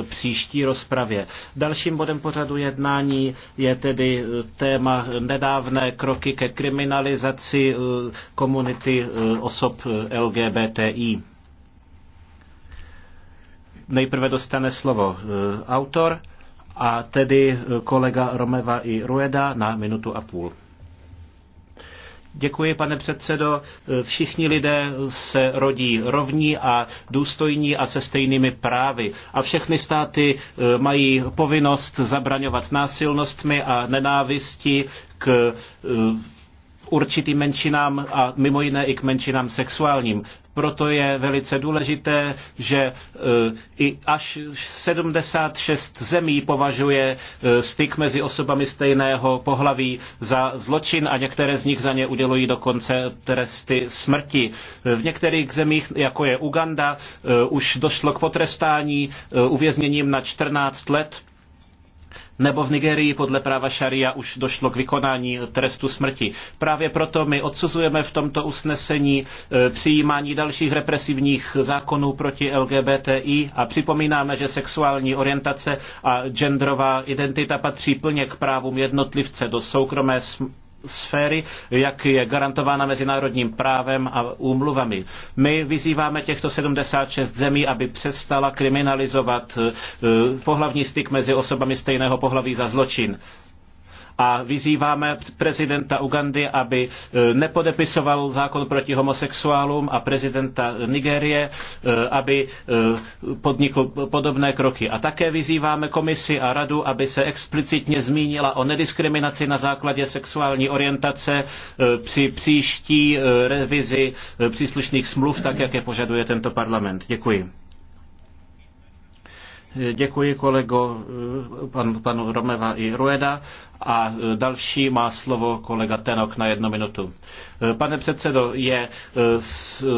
Eh, příští rozpravě. Dalším bodem pořadu jednání je tedy eh, téma nedávné kroky ke kriminalizaci eh, komunity osob LGBTI. Nejprve dostane slovo autor a tedy kolega Romeva i Rueda na minutu a půl. Děkuji, pane předsedo. Všichni lidé se rodí rovní a důstojní a se stejnými právy. A všechny státy eh, mají povinnost zabraňovat násilnostmi a nenávisti k eh, určitým menšinám a mimo jiné i k menšinám sexuálním. Proto je velice důležité, že e, i až 76 zemí považuje e, styk mezi osobami stejného pohlaví za zločin a některé z nich za ně udělují dokonce tresty smrti. V některých zemích, jako je Uganda, e, už došlo k potrestání uvězněním na 14 let nebo v Nigerii podle práva šaria už došlo k vykonání trestu smrti. Právě proto my odsuzujeme v tomto usnesení e, přijímání dalších represivních zákonů proti LGBTI a připomínáme, že sexuální orientace a genderová identita patří plně k právům jednotlivce do soukromé sféry, jak je garantována mezinárodním právem a úmluvami. My vyzýváme těchto 76 zemí, aby přestala kriminalizovat eh, pohlavní styk mezi osobami stejného pohlaví za zločin a vyzýváme prezidenta Ugandy, aby e, nepodepisoval zákon proti homosexuálům a prezidenta Nigérie, e, aby e, podnikl podobné kroky. A také vyzýváme komisi a radu, aby se explicitně zmínila o nediskriminaci na základě sexuální orientace při příští revizi příslušných smluv, tak jak je požaduje tento parlament. Děkuji. Děkuji kolego pan, panu Romeva i Rueda a další má slovo kolega Tenok na jednu minutu. Pane předsedo, je eh,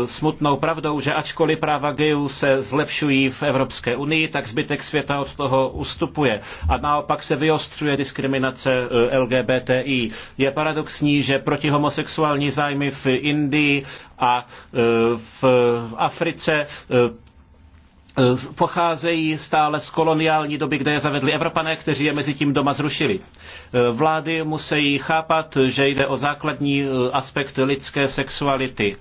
smutnou pravdou, že ačkoliv práva gayů se zlepšují v Evropské unii, tak zbytek světa od toho ustupuje. A naopak se vyostřuje diskriminace eh, LGBTI. Je paradoxní, že protihomosexuální zájmy v Indii a eh, v Africe Eh, pocházejí stále z koloniální doby, kde je zavedli Evropané, kteří je mezi tím doma zrušili. Eh, vlády musí chápat, že jde o základní eh, aspekt lidské sexuality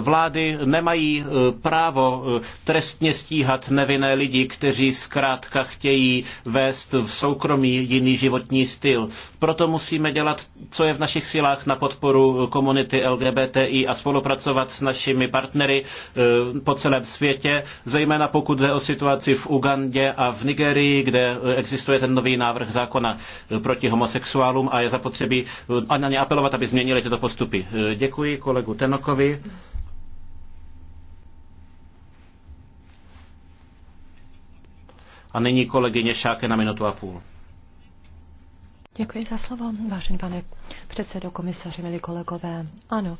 Vlády nemají eh, právo eh, trestně stíhat nevinné lidi, kteří zkrátka chtějí vést v soukromí jiný životní styl. Proto musíme dělat, co je v našich silách na podporu eh, komunity LGBTI a spolupracovat s našimi partnery po celém světě, zejména pokud jde o situaci v Ugandě a v Nigerii, kde existuje ten nový návrh zákona proti homosexuálům a je zapotřebí na ně apelovat, aby změnili tyto postupy. Děkuji kolegu Tenokovi. A nyní kolegyně Šáke na minutu a půl. Děkuji za slovo, vážený pane předsedo, komisaři, milí kolegové. Ano,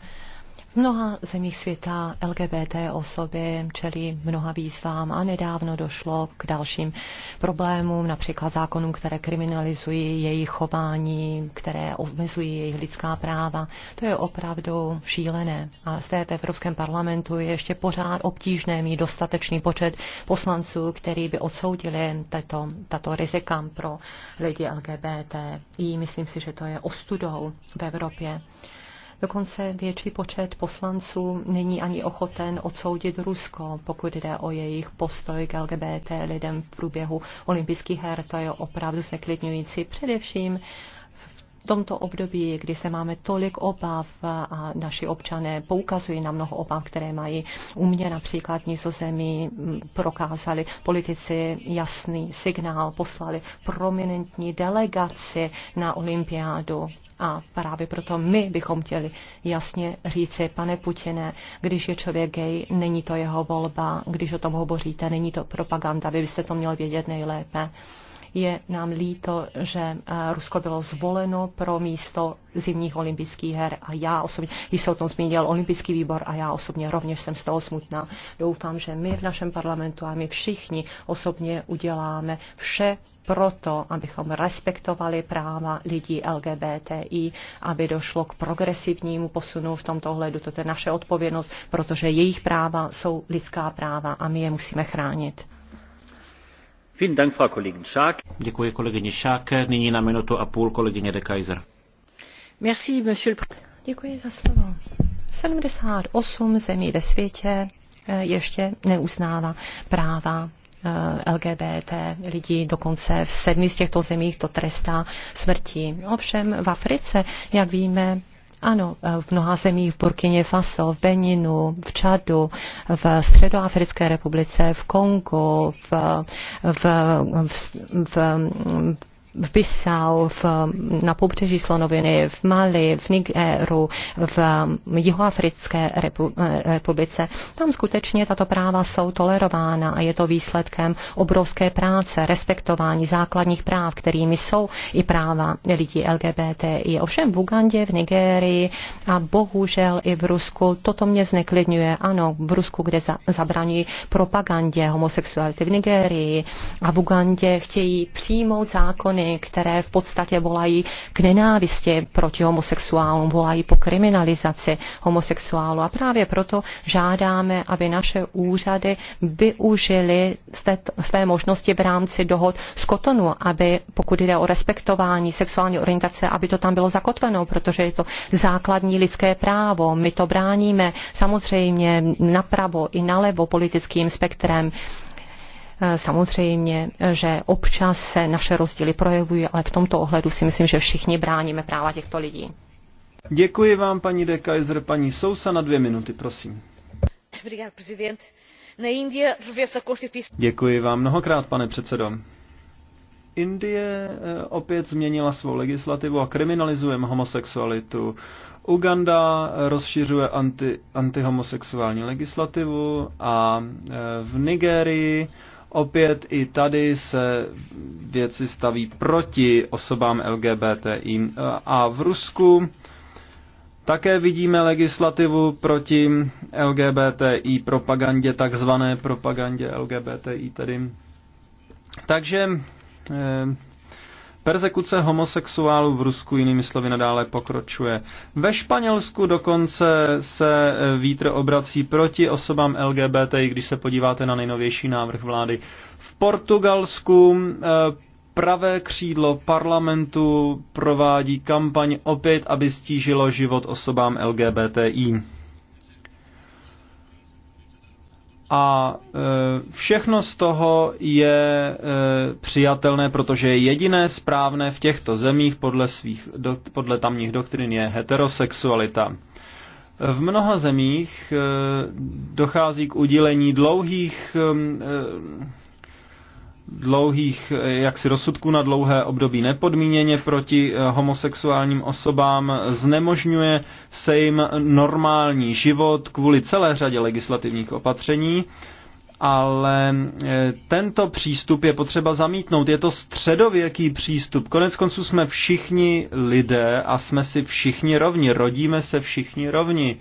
v mnoha zemích světa LGBT osoby čelí mnoha výzvám a nedávno došlo k dalším problémům, například zákonům, které kriminalizují jejich chování, které omezují jejich lidská práva. To je opravdu šílené. A té v Evropském parlamentu je ještě pořád obtížné mít dostatečný počet poslanců, který by odsoudili tato, tato rizika pro lidi LGBT. I myslím si, že to je ostudou v Evropě. Dokonce větší počet poslanců není ani ochoten odsoudit Rusko, pokud jde o jejich postoj k LGBT lidem v průběhu olympijských her. To je opravdu zneklidňující především v tomto období, kdy se máme tolik obav a naši občané poukazují na mnoho obav, které mají u mě například nizozemí, mm, prokázali politici jasný signál, poslali prominentní delegaci na olympiádu. A právě proto my bychom chtěli jasně říci, pane Putine, když je člověk gay, není to jeho volba, když o tom hovoříte, není to propaganda, vy byste to měl vědět nejlépe. Je nám líto, že eh, Rusko bylo zvoleno pro místo zimních olympijských her a já osobně, když se o tom zmínil olympijský výbor a já osobně rovněž jsem z toho smutná. Doufám, že my v našem parlamentu a my všichni osobně uděláme vše proto, abychom respektovali práva lidí LGBTI, aby došlo k progresivnímu posunu v tomto ohledu. To je naše odpovědnost, protože jejich práva jsou lidská práva a my je musíme chránit. Děkuji kolegyni Šáke. Nyní na minutu a půl kolegyně de Kaiser. Merci, monsieur Děkuji za slovo. 78 zemí ve světě eh, ještě neuznává práva eh, LGBT lidí, dokonce v sedmi z těchto zemích to trestá smrti. Ovšem v Africe, jak víme, ano, eh, v mnoha zemích, v Burkině Faso, v Beninu, v Čadu, v Středoafrické republice, v Kongu, v, v, v, v, v Bissau, v, na pobřeží Slonoviny, v Mali, v Nigeru, v um, Jihoafrické repu, eh, republice. Tam skutečně tato práva jsou tolerována a je to výsledkem obrovské práce, respektování základních práv, kterými jsou i práva lidí Je Ovšem v Ugandě, v Nigérii a bohužel i v Rusku toto mě zneklidňuje. Ano, v Rusku, kde za, zabraní propagandě homosexuality v Nigérii a v Ugandě chtějí přijmout zákony, strany, které v podstatě volají k nenávisti proti homosexuálům, volají po kriminalizaci homosexuálů. A právě proto žádáme, aby naše úřady využily své možnosti v rámci dohod z Kotonu, aby pokud jde o respektování sexuální orientace, aby to tam bylo zakotveno, protože je to základní lidské právo. My to bráníme samozřejmě napravo i nalevo politickým spektrem. Eh, samozřejmě, eh, že občas se naše rozdíly projevují, ale v tomto ohledu si myslím, že všichni bráníme práva těchto lidí. Děkuji vám, paní de Kaiser, paní Sousa, na dvě minuty, prosím. Děkuji vám mnohokrát, pane předsedo. Indie eh, opět změnila svou legislativu a kriminalizuje homosexualitu. Uganda rozšiřuje anti, antihomosexuální legislativu a v Nigérii Opět i tady se věci staví proti osobám LGBTI. A v Rusku také vidíme legislativu proti LGBTI propagandě, takzvané propagandě LGBTI tedy. Takže eh, Persekuce homosexuálů v Rusku jinými slovy nadále pokročuje. Ve Španělsku dokonce se e, vítr obrací proti osobám LGBT, když se podíváte na nejnovější návrh vlády. V Portugalsku e, pravé křídlo parlamentu provádí kampaň opět, aby stížilo život osobám LGBTI. A e, všechno z toho je e, přijatelné, protože jediné správné v těchto zemích podle, svých, podle tamních doktrin je heterosexualita. V mnoha zemích e, dochází k udělení dlouhých dlouhých eh, jaksi rozsudků na dlouhé období nepodmíněně proti eh, homosexuálním osobám, znemožňuje se jim normální život kvůli celé řadě legislativních opatření, ale eh, tento přístup je potřeba zamítnout. Je to středověký přístup. Konec konců jsme všichni lidé a jsme si všichni rovni. Rodíme se všichni rovni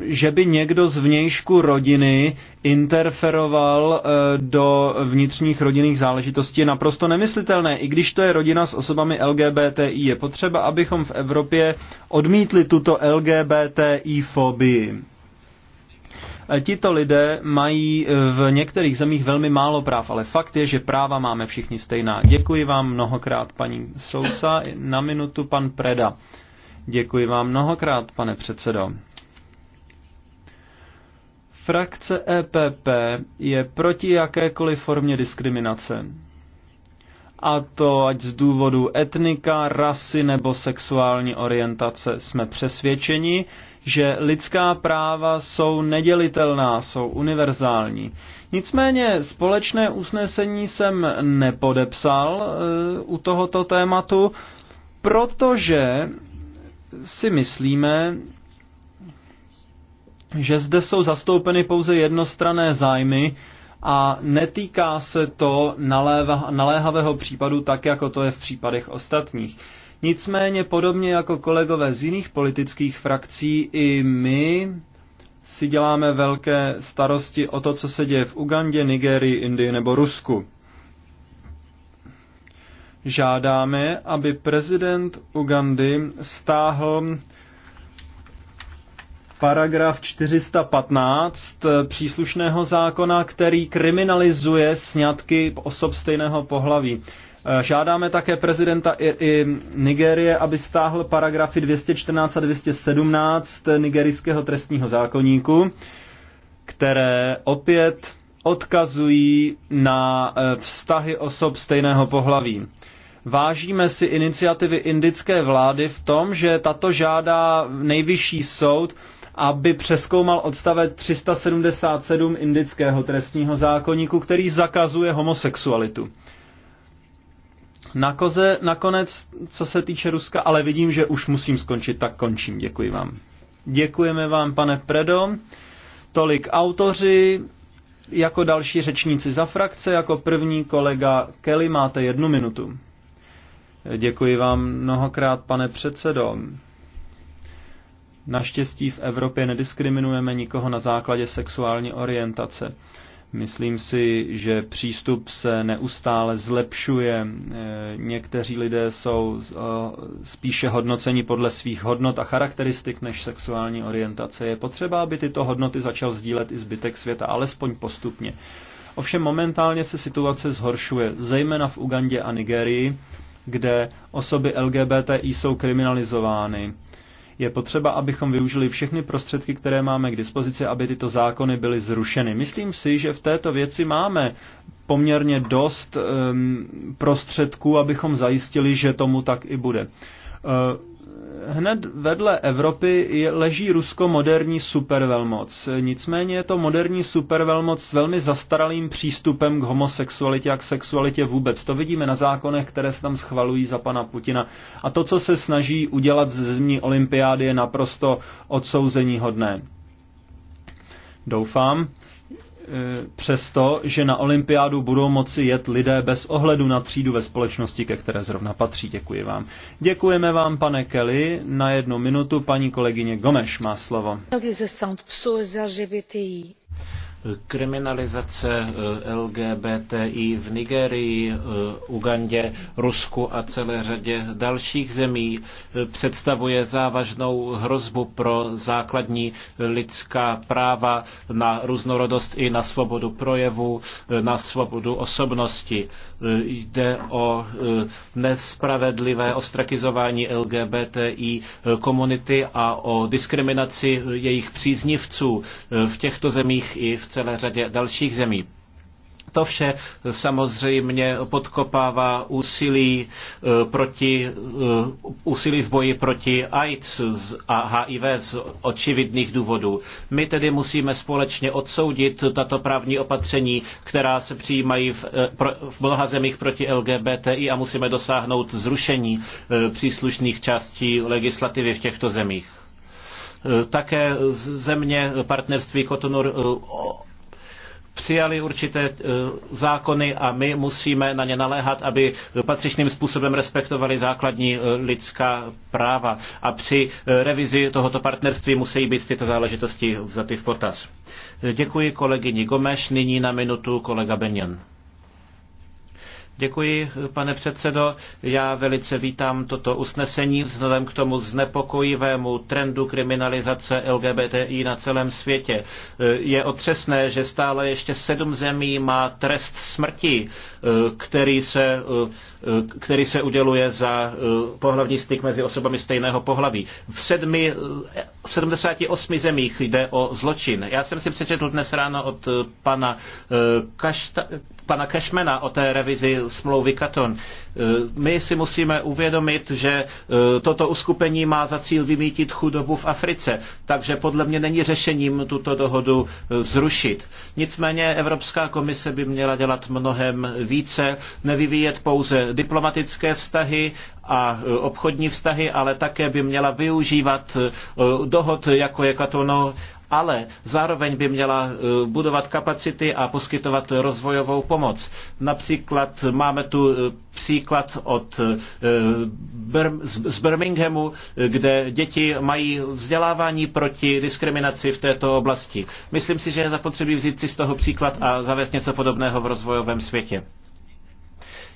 že by někdo z vnějšku rodiny interferoval eh, do vnitřních rodinných záležitostí je naprosto nemyslitelné. I když to je rodina s osobami LGBTI, je potřeba, abychom v Evropě odmítli tuto LGBTI fobii. Eh, tito lidé mají eh, v některých zemích velmi málo práv, ale fakt je, že práva máme všichni stejná. Děkuji vám mnohokrát, paní Sousa. Na minutu pan Preda. Děkuji vám mnohokrát, pane předsedo. Frakce EPP je proti jakékoliv formě diskriminace. A to ať z důvodu etnika, rasy nebo sexuální orientace jsme přesvědčeni, že lidská práva jsou nedělitelná, jsou univerzální. Nicméně společné usnesení jsem nepodepsal e, u tohoto tématu, protože si myslíme, že zde jsou zastoupeny pouze jednostrané zájmy a netýká se to naléva, naléhavého případu tak, jako to je v případech ostatních. Nicméně podobně jako kolegové z jiných politických frakcí, i my si děláme velké starosti o to, co se děje v Ugandě, Nigerii, Indii nebo Rusku žádáme, aby prezident Ugandy stáhl paragraf 415 příslušného zákona, který kriminalizuje sňatky osob stejného pohlaví. Žádáme také prezidenta i, i Nigérie, aby stáhl paragrafy 214 a 217 nigerijského trestního zákoníku, které opět odkazují na eh, vztahy osob stejného pohlaví. Vážíme si iniciativy indické vlády v tom, že tato žádá nejvyšší soud, aby přeskoumal odstavec 377 indického trestního zákoníku, který zakazuje homosexualitu. koze nakonec, co se týče Ruska, ale vidím, že už musím skončit, tak končím. Děkuji vám. Děkujeme vám, pane Predo. Tolik autoři, jako další řečníci za frakce, jako první kolega Kelly máte jednu minutu. Děkuji vám mnohokrát, pane předsedo. Naštěstí v Evropě nediskriminujeme nikoho na základě sexuální orientace. Myslím si, že přístup se neustále zlepšuje. E, někteří lidé jsou e, spíše hodnoceni podle svých hodnot a charakteristik než sexuální orientace. Je potřeba, aby tyto hodnoty začal sdílet i zbytek světa, alespoň postupně. Ovšem momentálně se situace zhoršuje, zejména v Ugandě a Nigerii, kde osoby LGBTI jsou kriminalizovány. Je potřeba, abychom využili všechny prostředky, které máme k dispozici, aby tyto zákony byly zrušeny. Myslím si, že v této věci máme poměrně dost um, prostředků, abychom zajistili, že tomu tak i bude. Uh, Hned vedle Evropy je, leží Rusko moderní supervelmoc. Nicméně je to moderní supervelmoc s velmi zastaralým přístupem k homosexualitě a k sexualitě vůbec. To vidíme na zákonech, které se tam schvalují za pana Putina. A to, co se snaží udělat z zimní olympiády, je naprosto odsouzení hodné. Doufám, Eh, přesto, že na olympiádu budou moci jet lidé bez ohledu na třídu ve společnosti, ke které zrovna patří. Děkuji vám. Děkujeme vám, pane Kelly. Na jednu minutu paní kolegyně Gomeš má slovo kriminalizace eh, LGBTI v Nigerii, eh, Ugandě, Rusku a celé řadě dalších zemí eh, představuje závažnou hrozbu pro základní lidská práva na různorodost i na svobodu projevu, na svobodu osobnosti. Jde o nespravedlivé ostrakizování LGBTI komunity a o diskriminaci jejich příznivců v těchto zemích i v celé řadě dalších zemí. To vše samozřejmě podkopává úsilí, eh, proti, eh, úsilí v boji proti AIDS a HIV z očividných důvodů. My tedy musíme společně odsoudit tato právní opatření, která se přijímají v, eh, v mnoha zemích proti LGBTI a musíme dosáhnout zrušení příslušných částí legislativy v těchto zemích. Eh, také země partnerství Kotonur eh, přijali určité eh, zákony a my musíme na ně naléhat, aby patřičným způsobem respektovali základní lidská práva. A při revizi tohoto partnerství musí být tyto záležitosti vzaty v potaz. Děkuji kolegyni Gomeš, nyní na minutu kolega Benjen. Děkuji, pane předsedo. Já velice vítám toto usnesení vzhledem k tomu znepokojivému trendu kriminalizace LGBTI na celém světě. Je otřesné, že stále ještě sedm zemí má trest smrti, který se, který se uděluje za pohlavní styk mezi osobami stejného pohlaví. V, sedmi, v 78 zemích jde o zločin. Já jsem si přečetl dnes ráno od pana eh, Kašta, pana Cashmana o té revizi smlouvy Katon. E, my si musíme uvědomit, že e, toto uskupení má za cíl vymítit chudobu v Africe, takže podle mě není řešením tuto dohodu e, zrušit. Nicméně Evropská komise by měla dělat mnohem více, nevyvíjet pouze diplomatické vztahy a obchodní vztahy, ale také by měla využívat dohod, jako je Katono ale zároveň by měla eh, budovat kapacity a poskytovat rozvojovou pomoc. Například máme tu eh, příklad od, eh, z Birminghamu, kde děti mají vzdělávání proti diskriminaci v této oblasti. Myslím si, že je zapotřebí vzít si z toho příklad a zavést něco podobného v rozvojovém světě.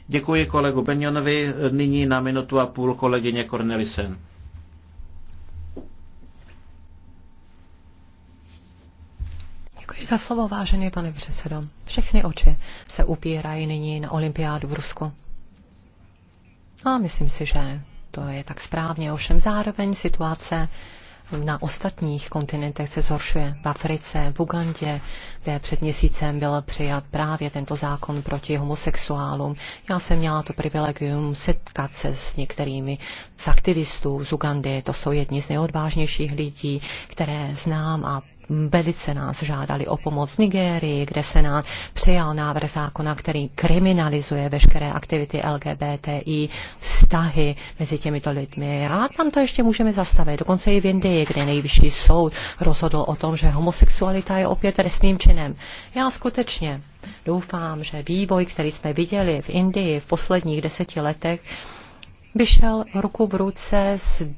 Děkuji kolegu Benjonovi. Nyní na minutu a půl kolegyně Cornelisen. za slovo, vážený pane předsedo. Všechny oči se upírají nyní na olympiádu v Rusku. A myslím si, že to je tak správně. Ovšem zároveň situace na ostatních kontinentech se zhoršuje. V Africe, v Ugandě, kde před měsícem byl přijat právě tento zákon proti homosexuálům. Já jsem měla to privilegium setkat se s některými z aktivistů z Ugandy. To jsou jedni z nejodvážnějších lidí, které znám a velice nás žádali o pomoc Nigérii, kde se nám přijal návrh zákona, který kriminalizuje veškeré aktivity LGBTI, vztahy mezi těmito lidmi. A tam to ještě můžeme zastavit. Dokonce i v Indii, kde nejvyšší soud rozhodl o tom, že homosexualita je opět trestným činem. Já skutečně doufám, že vývoj, který jsme viděli v Indii v posledních deseti letech, by šel ruku v ruce s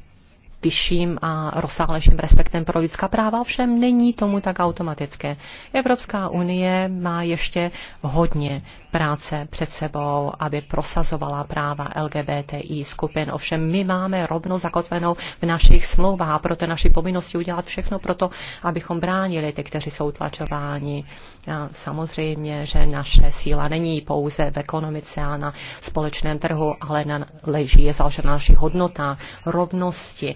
vyšším a rozsáhlejším respektem pro lidská práva, ovšem není tomu tak automatické. Evropská unie má ještě hodně práce před sebou, aby prosazovala práva LGBTI skupin. Ovšem my máme rovno zakotvenou v našich smlouvách proto naši povinnosti udělat všechno pro to, abychom bránili ty, kteří jsou tlačováni. A samozřejmě, že naše síla není pouze v ekonomice a na společném trhu, ale na, leží je založena na našich hodnotách, rovnosti,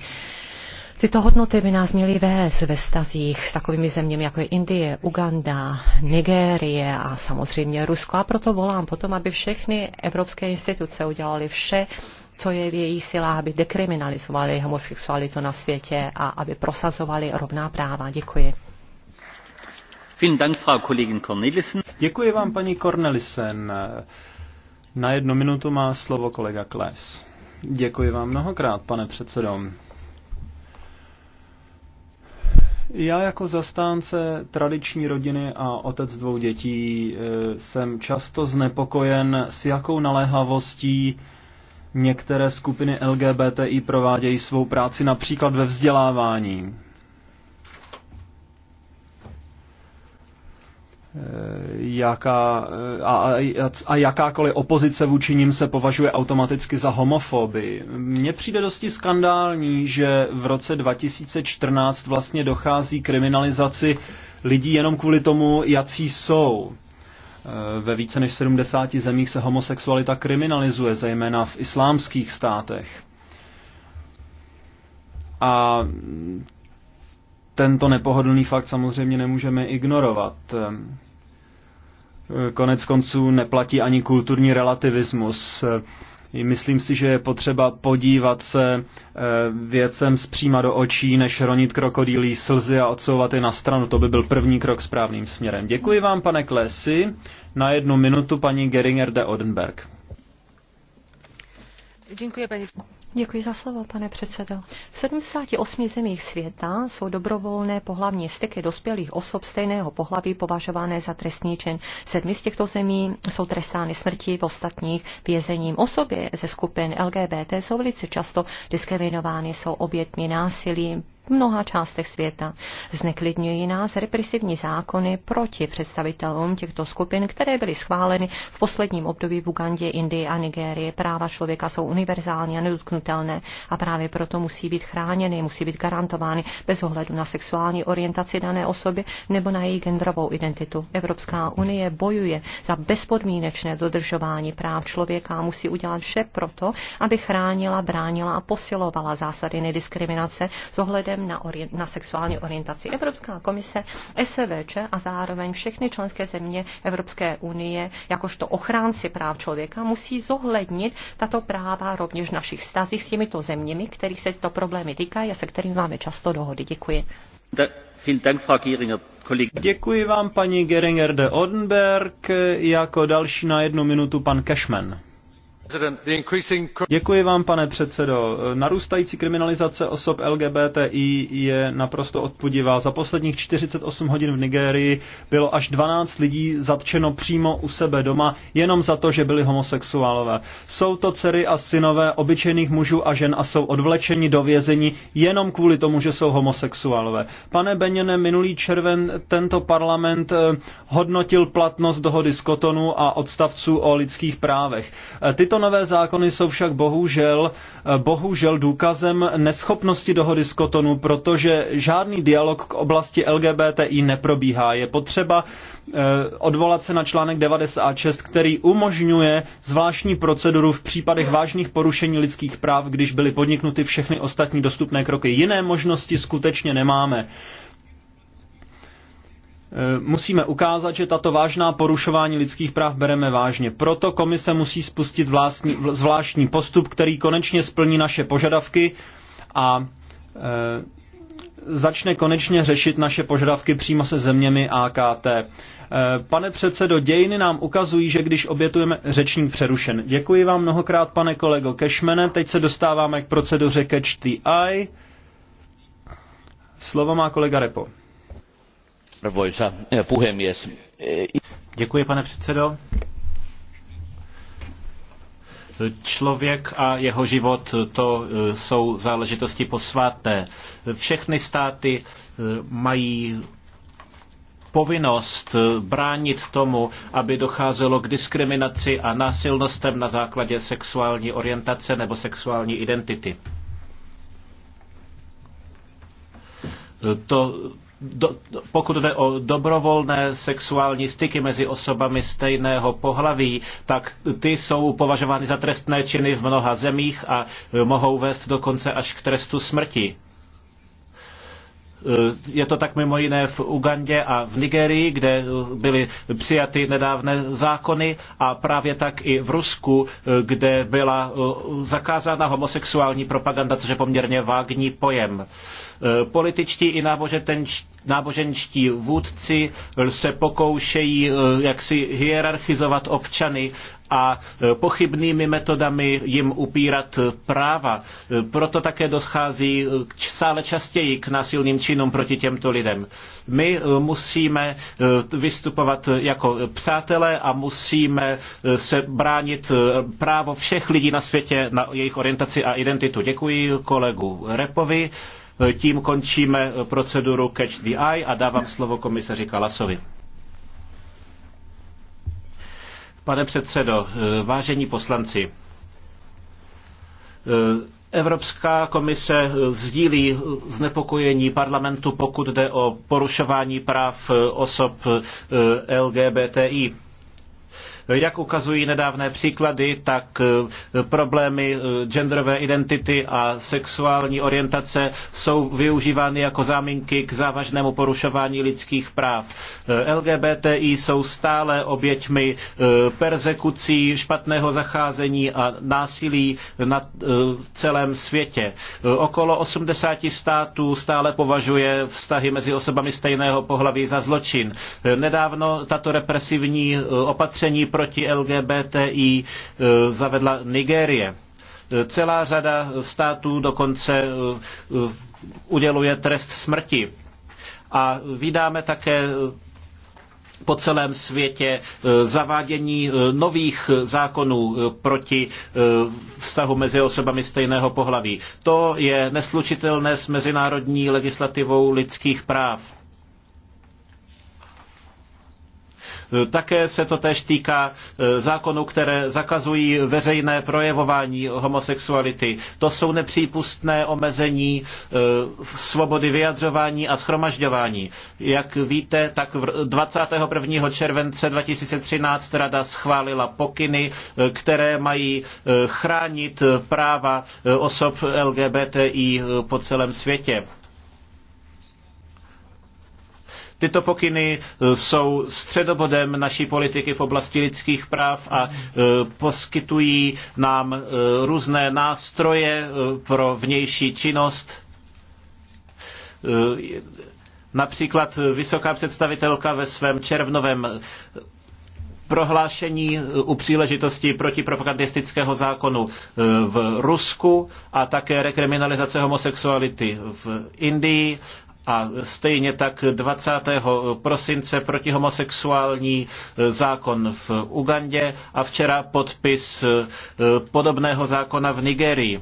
Tyto hodnoty by nás měly vést ve stazích s takovými zeměmi, jako je Indie, Uganda, Nigérie a samozřejmě Rusko. A proto volám potom, aby všechny evropské instituce udělaly vše, co je v jejich silách, aby dekriminalizovali homosexualitu na světě a aby prosazovali rovná práva. Děkuji. Děkuji vám, paní Cornelissen. Na jednu minutu má slovo kolega Kles. Děkuji vám mnohokrát, pane předsedo. Já jako zastánce tradiční rodiny a otec dvou dětí eh, jsem často znepokojen, s jakou naléhavostí některé skupiny LGBTI provádějí svou práci například ve vzdělávání. jaká, a, a jakákoliv opozice vůči ním se považuje automaticky za homofoby. Mně přijde dosti skandální, že v roce 2014 vlastně dochází kriminalizaci lidí jenom kvůli tomu, jací jsou. Ve více než 70 zemích se homosexualita kriminalizuje, zejména v islámských státech. A tento nepohodlný fakt samozřejmě nemůžeme ignorovat. Ehm, konec konců neplatí ani kulturní relativismus. Ehm, myslím si, že je potřeba podívat se ehm, věcem zpříma do očí, než ronit krokodýlí slzy a odsouvat je na stranu. To by byl první krok správným směrem. Děkuji vám, pane Klesi. Na jednu minutu paní Geringer de Odenberg. Děkuji, paní. Děkuji za slovo, pane předsedo. V 78 zemích světa jsou dobrovolné pohlavní styky dospělých osob stejného pohlaví považované za trestný čin. Sedmi z těchto zemí jsou trestány smrti v ostatních vězením. Osoby ze skupin LGBT jsou velice často diskriminovány, jsou obětmi násilí, v mnoha částech světa. Zneklidňují nás represivní zákony proti představitelům těchto skupin, které byly schváleny v posledním období v Ugandě, Indii a Nigérie. Práva člověka jsou univerzální a nedotknutelné a právě proto musí být chráněny, musí být garantovány bez ohledu na sexuální orientaci dané osoby nebo na její genderovou identitu. Evropská unie bojuje za bezpodmínečné dodržování práv člověka a musí udělat vše proto, aby chránila, bránila a posilovala zásady nediskriminace s ohledem ohledem na, orient, na sexuální orientaci. Evropská komise, SVČ a zároveň všechny členské země Evropské unie, jakožto ochránci práv člověka, musí zohlednit tato práva rovněž v našich stazích s těmito zeměmi, kterých se tyto problémy týkají a se kterými máme často dohody. Děkuji. Da, Děkuji vám, paní Geringer de Odenberg. Jako další na jednu minutu pan Cashman. Děkuji vám, pane předsedo. Narůstající kriminalizace osob LGBTI je naprosto odpudivá. Za posledních 48 hodin v Nigérii bylo až 12 lidí zatčeno přímo u sebe doma jenom za to, že byli homosexuálové. Jsou to dcery a synové obyčejných mužů a žen a jsou odvlečeni do vězení jenom kvůli tomu, že jsou homosexuálové. Pane Beněne, minulý červen tento parlament eh, hodnotil platnost dohody z Kotonu a odstavců o lidských právech. Eh, tyto Tyto nové zákony jsou však bohužel, eh, bohužel důkazem neschopnosti dohody z Kotonu, protože žádný dialog k oblasti LGBTI neprobíhá. Je potřeba eh, odvolat se na článek 96, který umožňuje zvláštní proceduru v případech vážných porušení lidských práv, když byly podniknuty všechny ostatní dostupné kroky. Jiné možnosti skutečně nemáme. Eh, musíme ukázat, že tato vážná porušování lidských práv bereme vážně. Proto komise musí spustit vlastní, zvláštní postup, který konečně splní naše požadavky a e, začne konečně řešit naše požadavky přímo se zeměmi AKT. E, eh, pane předsedo, dějiny nám ukazují, že když obětujeme řečník přerušen. Děkuji vám mnohokrát, pane kolego Kešmene. Teď se dostáváme k proceduře Catch the Eye. Slovo má kolega Repo arvoisa eh, puhemies. pane předsedající Člověk a jeho život to eh, jsou záležitosti posváté. Všechny státy eh, mají povinnost bránit tomu, aby docházelo k diskriminaci a násilnostem na základě sexuální orientace nebo sexuální identity. To do, pokud jde o dobrovolné sexuální styky mezi osobami stejného pohlaví, tak ty jsou považovány za trestné činy v mnoha zemích a mohou vést dokonce až k trestu smrti. Eh, je to tak mimo jiné v Ugandě a v Nigerii, kde byly přijaty nedávné zákony a právě tak i v Rusku, eh, kde byla eh, zakázána homosexuální propaganda, což je poměrně vágní pojem. Političtí i náboženští náboženští vůdci se pokoušejí eh, jaksi hierarchizovat občany a eh, pochybnými metodami jim upírat eh, práva. Proto také doschází stále častěji k násilným činům proti těmto lidem. My musíme vystupovat jako přátelé a musíme se bránit právo všech lidí na světě na jejich orientaci a identitu. Děkuji kolegu Repovi. Tím končíme eh, proceduru Catch the Eye a dávám slovo komisaři Kalasovi. Pane předsedo, eh, vážení poslanci, eh, Evropská komise sdílí znepokojení parlamentu, pokud jde o porušování práv osob LGBTI. Jak ukazují nedávné příklady, tak eh, problémy eh, genderové identity a sexuální orientace jsou využívány jako záminky k závažnému porušování lidských práv. Eh, LGBTI jsou stále oběťmi persekucí, špatného zacházení a násilí na celém světě. Okolo 80 států stále považuje vztahy mezi osobami stejného pohlaví za zločin. Nedávno tato represivní opatření proti LGBTI e, zavedla Nigérie. E, celá řada států dokonce e, uděluje trest smrti. A vydáme také po celém světě zavádění nových zákonů proti vztahu mezi osobami stejného pohlaví. To je neslučitelné s mezinárodní legislativou lidských práv Také se to též týká e, zákonů, které zakazují veřejné projevování homosexuality. To jsou nepřípustné omezení e, svobody vyjadřování a schromažďování. Jak víte, tak 21. července 2013 Rada schválila pokyny, e, které mají chránit práva osob LGBTI po celém světě. Tyto pokyny e, jsou středobodem naší politiky v oblasti lidských práv a e, poskytují nám e, různé nástroje pro vnější činnost. Například vysoká představitelka ve svém červnovém prohlášení u příležitosti protipropagandistického zákonu v Rusku a také rekriminalizace homosexuality v Indii a stejně tak 20. prosince protihomosexuální e, zákon v Ugandě a včera podpis e, podobného zákona v Nigerii.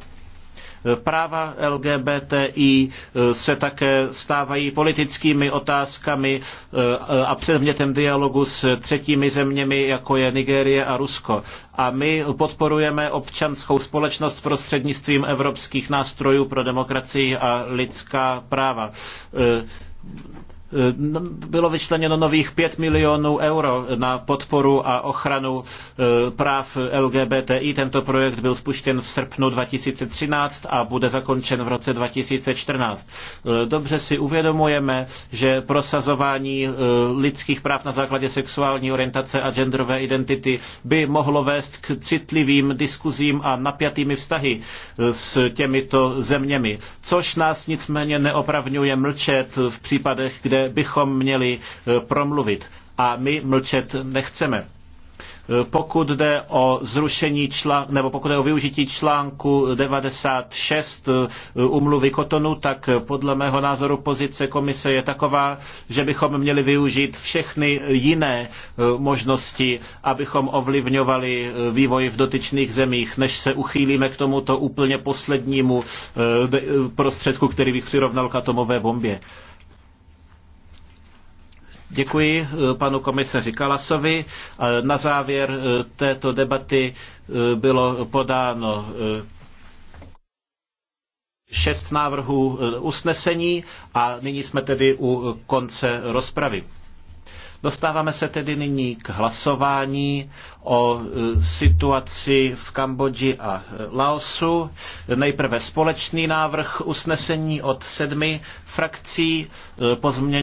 Práva LGBTI eh, se také stávají politickými otázkami eh, a předmětem dialogu s třetími zeměmi, jako je Nigérie a Rusko. A my podporujeme občanskou společnost prostřednictvím evropských nástrojů pro demokracii a lidská práva eh, Eh, bylo vyčleněno nových 5 milionů euro na podporu a ochranu eh, práv LGBTI. Tento projekt byl spuštěn v srpnu 2013 a bude zakončen v roce 2014. Eh, dobře si uvědomujeme, že prosazování lidských práv na základě sexuální orientace a genderové identity by mohlo vést k citlivým diskuzím a napjatými vztahy s těmito zeměmi, což nás nicméně neopravňuje mlčet v případech, kde bychom měli e, promluvit a my mlčet nechceme e, pokud jde o zrušení člán, nebo pokud jde o využití článku 96 umluvy e, Kotonu, tak podle mého názoru pozice komise je taková, že bychom měli využít všechny jiné možnosti, abychom ovlivňovali vývoj v dotyčných zemích, než se uchýlíme k tomuto úplně poslednímu prostředku, který bych přirovnal k atomové bombě. Děkuji eh, panu komisaři Kalasovi. Na závěr eh, této debaty eh, bylo podáno šest návrhů usnesení a nyní jsme tedy u konce rozpravy. Dostáváme se tedy nyní k hlasování o situaci v Kambodži a Laosu. Nejprve společný návrh usnesení od sedmi frakcí pozměně